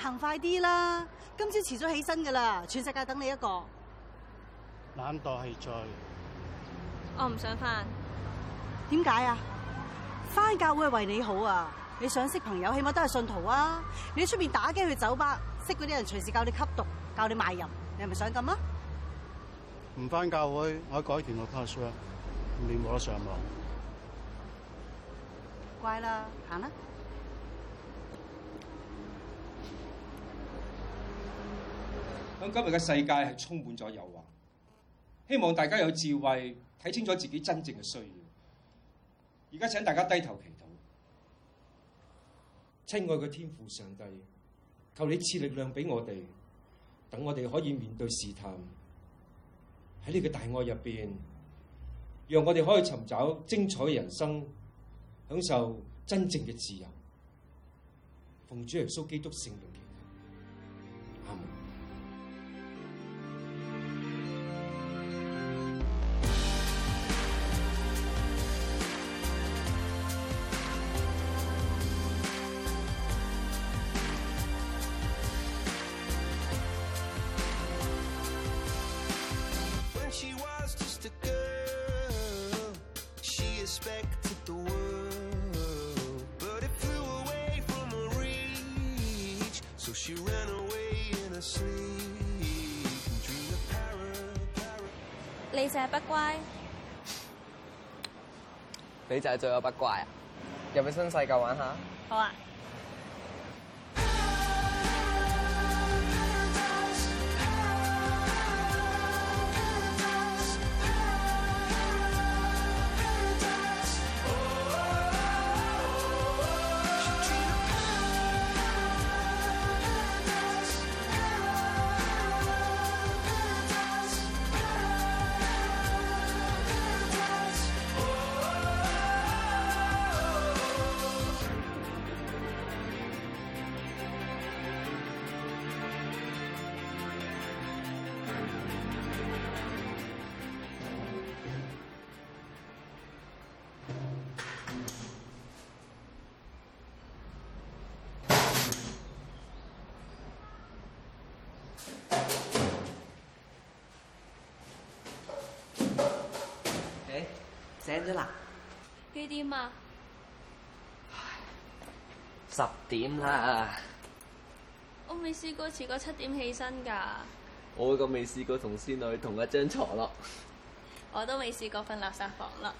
行快啲啦！今朝遲咗起身噶啦，全世界等你一個。懶惰係罪。我唔想返。點解啊？返教會係為你好啊！你想識朋友，起碼都係信徒啊！你出面打機去酒吧，識嗰啲人隨時教你吸毒，教你賣淫，你係咪想咁啊？唔返教會，我改段我 password，你冇得上網。乖啦，行啦。咁今日嘅世界係充滿咗誘惑，希望大家有智慧睇清楚自己真正嘅需要。而家請大家低頭祈禱，親愛嘅天父上帝，求你賜力量俾我哋，等我哋可以面對試探。喺呢個大愛入邊，讓我哋可以尋找精彩嘅人生，享受真正嘅自由。奉主耶穌基督聖名。你成日不乖，你就係最有不乖啊！入去新世界玩下。好啊。醒咗啦？幾點啊？十點啦。我未試過遲過七點起身噶。我咁未試過同仙女同一張床咯。我都未試過瞓垃圾房咯。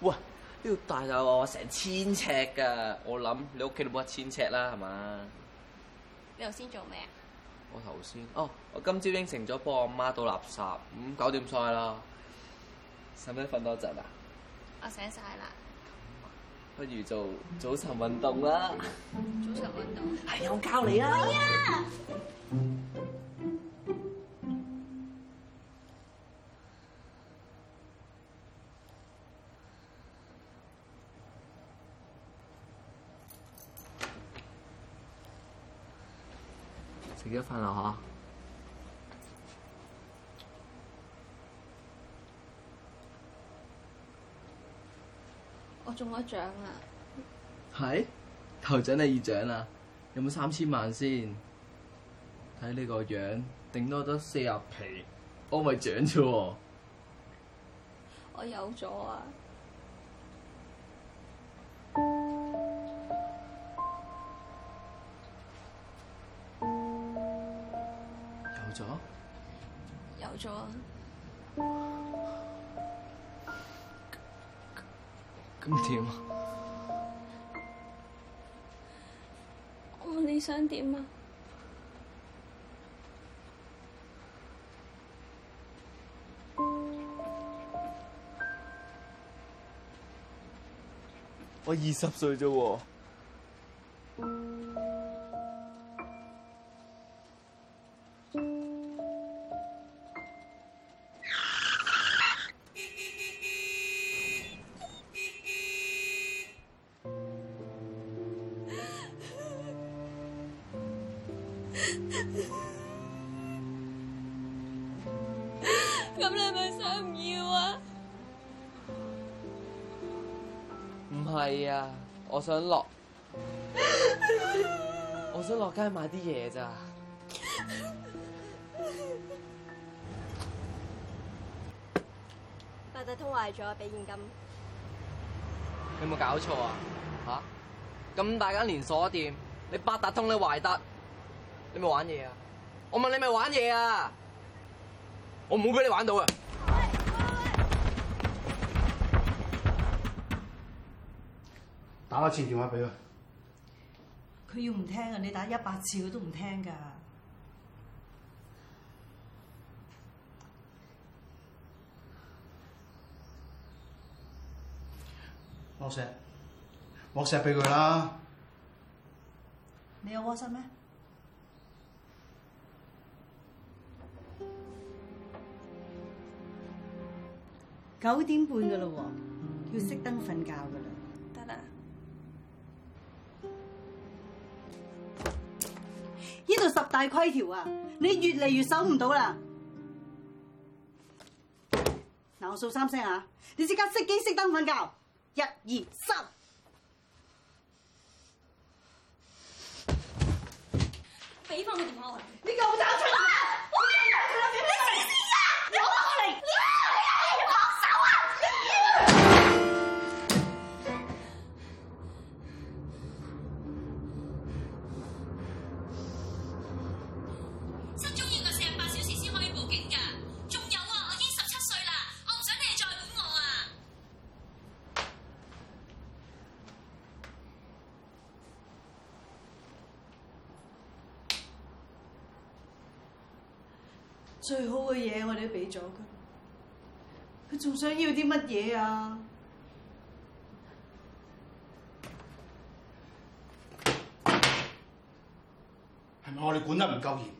哇！呢度大大話話成千尺噶。我諗你屋企都冇一千尺啦，係嘛？你頭先做咩啊？我頭先哦，我今朝應承咗幫我媽倒垃圾，咁、嗯、搞掂晒啦。使唔使瞓多陣啊？我醒晒啦，不如做早晨運動啦。早晨運動，係啊、哎，我教你啦。食咗飯啦嚇。中咗獎啦！係頭獎定二獎啦？有冇三千萬先？睇呢個樣，頂多得四十皮安慰獎啫喎！我有咗啊！有咗啊？有咗啊。咁點啊？我、oh, 你想點啊？我二十歲啫喎！咁 你咪想要啊？唔係啊，我想落， 我想落街買啲嘢咋？八達通壞咗，俾現金。你有冇搞錯啊？吓、啊？咁大間連鎖店，你八達通你壞得？你咪玩嘢啊！我問你咪玩嘢啊！我唔會俾你玩到嘅。喂喂喂，打一次電話俾佢。佢要唔聽啊！你打一百次佢都唔聽㗎。WhatsApp，WhatsApp 俾佢啦。你有 WhatsApp 咩？九點半噶咯，要熄燈瞓覺噶啦。得啦了，呢度十大規條啊，你越嚟越守唔到啦。嗱，我數三聲啊，你即刻熄機熄燈瞓覺。一、二、三。俾翻個電話你夠膽出嚟，啊最好嘅嘢我哋都畀咗佢，佢仲想要啲乜嘢啊？係咪我哋管得唔夠嚴？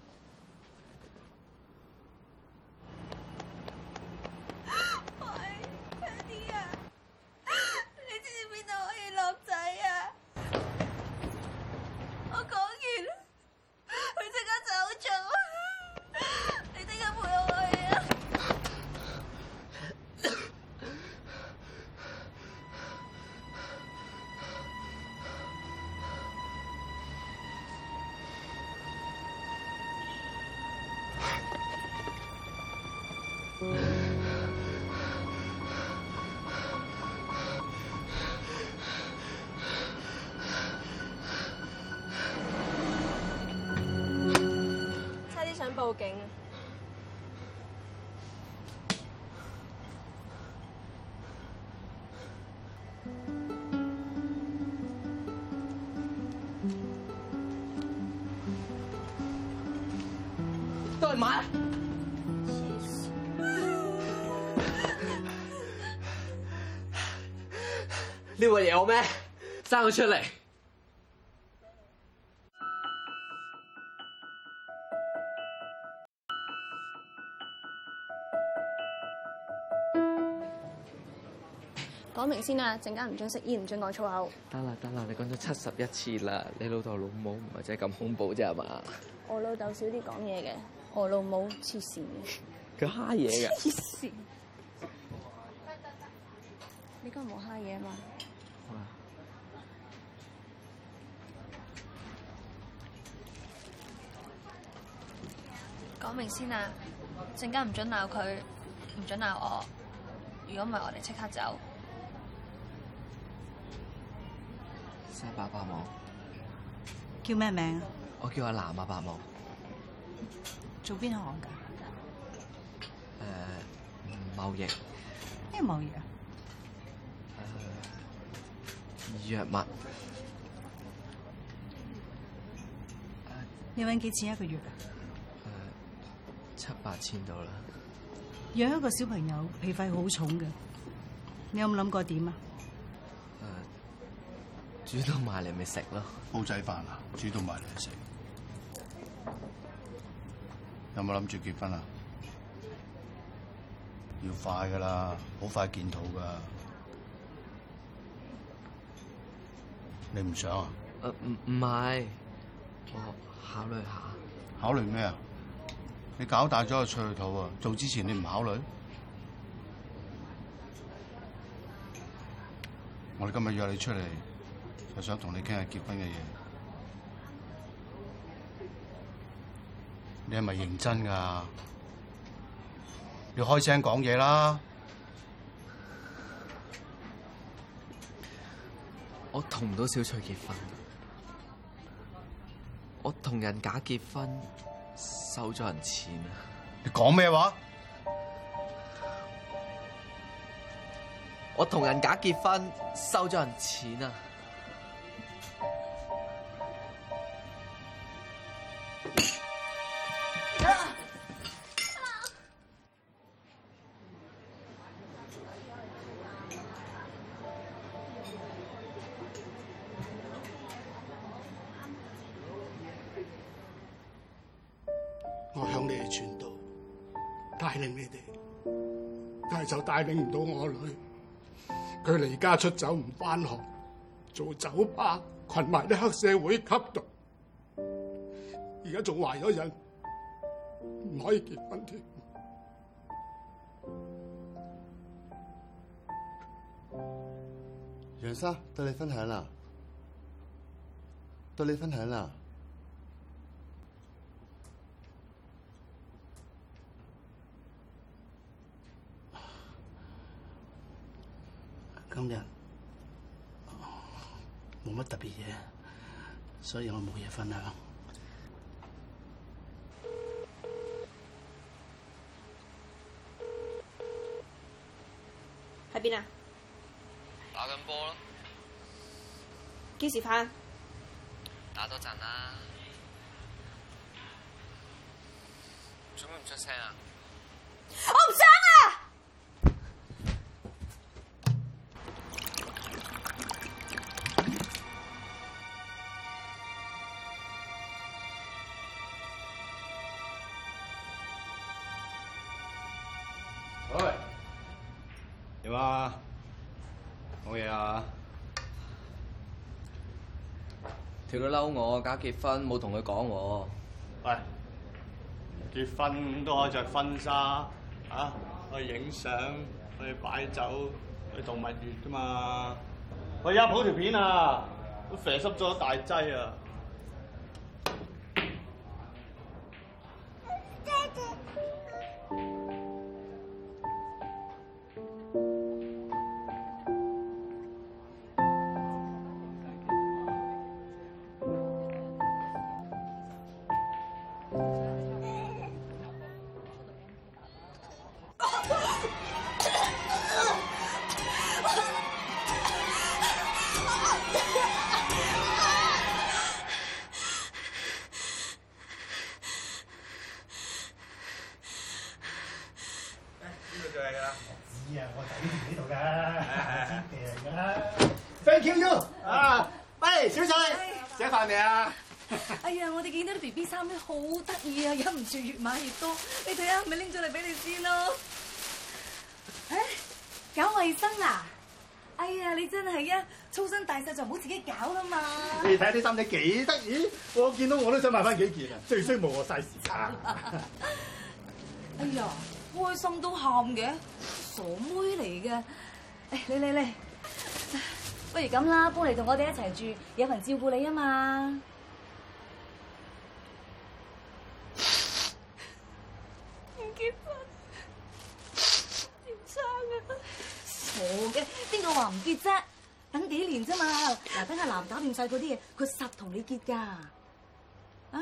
呢個嘢好咩生佢出嚟？講明先啊！陣間唔准食煙，唔准講粗口。得啦得啦，你講咗七十一次啦！你老豆老母唔係真係咁恐怖啫係嘛？我老豆少啲講嘢嘅，我老母黐線嘅。佢蝦嘢嘅。黐線。 你今日冇蝦嘢啊嘛？講明先啊！陣間唔准鬧佢，唔准鬧我。如果唔係，我哋即刻走。爸爸，伯母。叫咩名？我叫阿南啊，爸爸，伯母。做邊行噶？誒，貿易。咩貿易啊？誒，藥物。Uh, 你搵幾錢一個月啊？八千到啦！養一個小朋友皮費好重嘅。嗯、你有冇諗過點、呃、啊？煮到埋嚟咪食咯。煲仔飯啊，煮到埋嚟食。有冇諗住結婚啊？要快噶啦，好快見到噶。你唔想啊？唔唔係，我考慮下。考慮咩啊？你搞大咗個翠肚喎！做之前你唔考慮？ 我哋今日約你出嚟，就想同你傾下結婚嘅嘢。你係咪認真噶？要開聲講嘢啦！我同唔到小翠結婚，我同人假結婚。收咗人錢啊！你講咩話？我同人假結婚，收咗人錢啊！你哋，但係就帶領唔到我女，佢離家出走唔返學，做酒吧，群埋啲黑社會吸毒，而家仲懷咗人，唔可以結婚添。楊生，對你分享啦，對你分享啦。今日冇乜特別嘢，所以我冇嘢分享。喺邊啊？打緊波咯。幾時返？打多陣啦。做咩唔出聲啊？我唔想。條女嬲我假結婚，冇同佢講喎。喂，結婚都可以着婚紗啊，去影相，去擺酒，去度蜜月㗎嘛。我而家抱條片啊，都啡濕咗一大劑啊！咪拎咗嚟俾你先咯！唉，搞衛生啊！哎呀，你真係啊，粗身大細就唔好自己搞啦嘛！你睇下啲衫仔幾得意，我見到我都想買翻幾件啊！最衰冇我晒時間。哎呀，開心都喊嘅，傻妹嚟嘅！你嚟嚟，不如咁啦，搬嚟同我哋一齊住，有份照顧你啊嘛！男搞掂曬嗰啲嘢，佢實同你結噶，啊？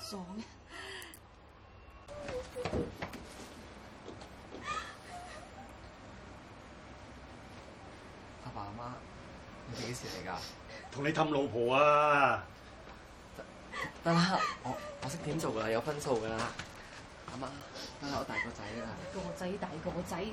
傻阿爸阿媽，你幾時嚟噶？同你氹老婆啊！得啦，我我識點做噶啦，有分數噶啦。阿媽，得啦，我大個仔啦。個仔大個仔。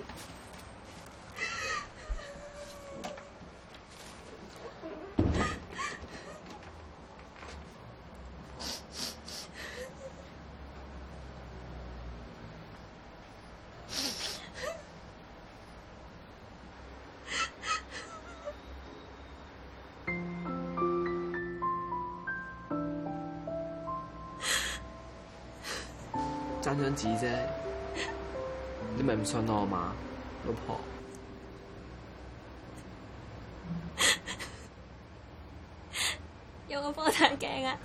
想鬧嗎？老婆？有冇發財啊！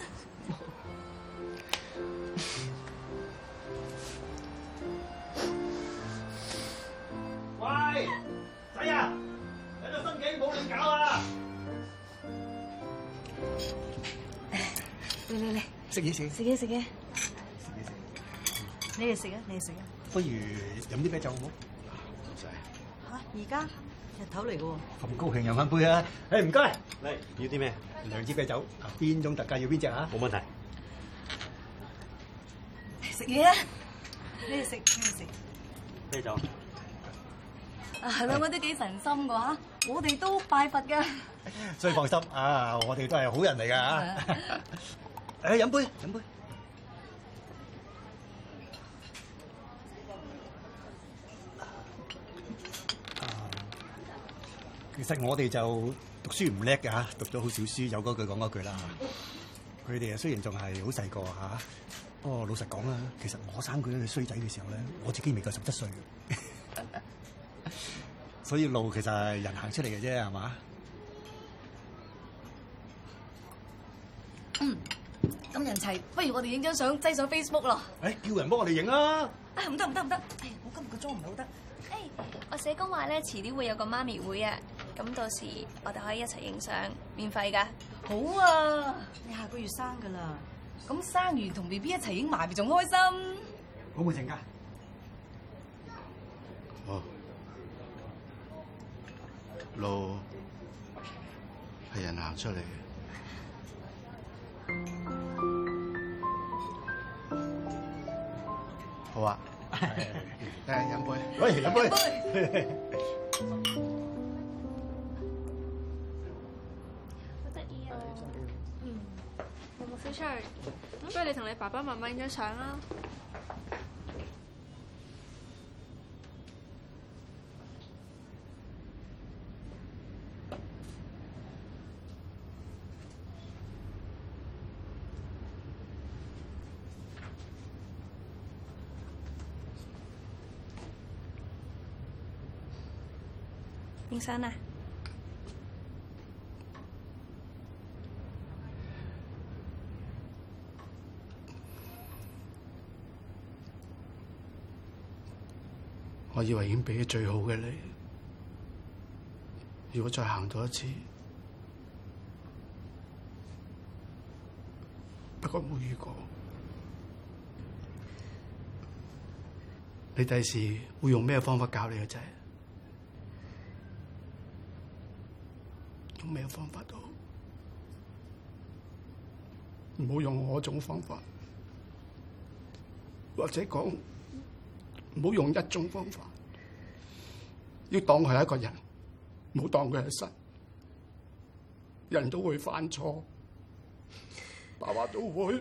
喂，仔啊，你個身頸冇亂搞啊！嚟嚟嚟，食嘢食嘢食嘢食嘢，你嚟食啊！你嚟食啊！不如飲啲啤酒好唔好？唔使嚇，而家日頭嚟嘅喎。咁高興飲翻杯啊！誒唔該，嚟要啲咩？兩支啤酒，啊邊種特價要邊隻啊？冇問題。食嘢啊！你哋食，你哋食。啤酒。啊，兩位都幾神心嘅嚇，我哋都拜佛嘅。所以放心啊，我哋都係好人嚟嘅嚇。誒，飲杯，飲杯。其實我哋就讀書唔叻嘅嚇，讀咗好少書。有一句講一句啦嚇。佢哋啊，雖然仲係好細個不過，老實講啦，其實我生佢衰仔嘅時候咧，我自己未夠十七歲。 所以路其實係人行出嚟嘅啫，係嘛？嗯。咁人齊，不如我哋影張相，擠上 Facebook 咯。誒、哎，叫人幫我哋影啦。啊，唔得唔得唔得！我今日個妝唔好得。誒，hey, 我社工話咧，遲啲會有個媽咪會啊。咁到時我哋可以一齊影相，免費噶。好啊，你下個月生噶啦，咁生完同 B B 一齊影埋咪仲開心。好冇正噶。好、哦。路，係人行出嚟嘅。好啊，誒，飲杯。喂，飲杯。 小翠，不如你同你爸爸媽媽影張相啦。影相啊！以為已經俾最好嘅你，如果再行多一次，不過冇遇過。你第時會用咩方法教你嘅仔？用咩方法都好，唔好用嗰種方法，或者講，唔好用一種方法。要當佢係一個人，唔好當佢係神。人都會犯錯，大話都會。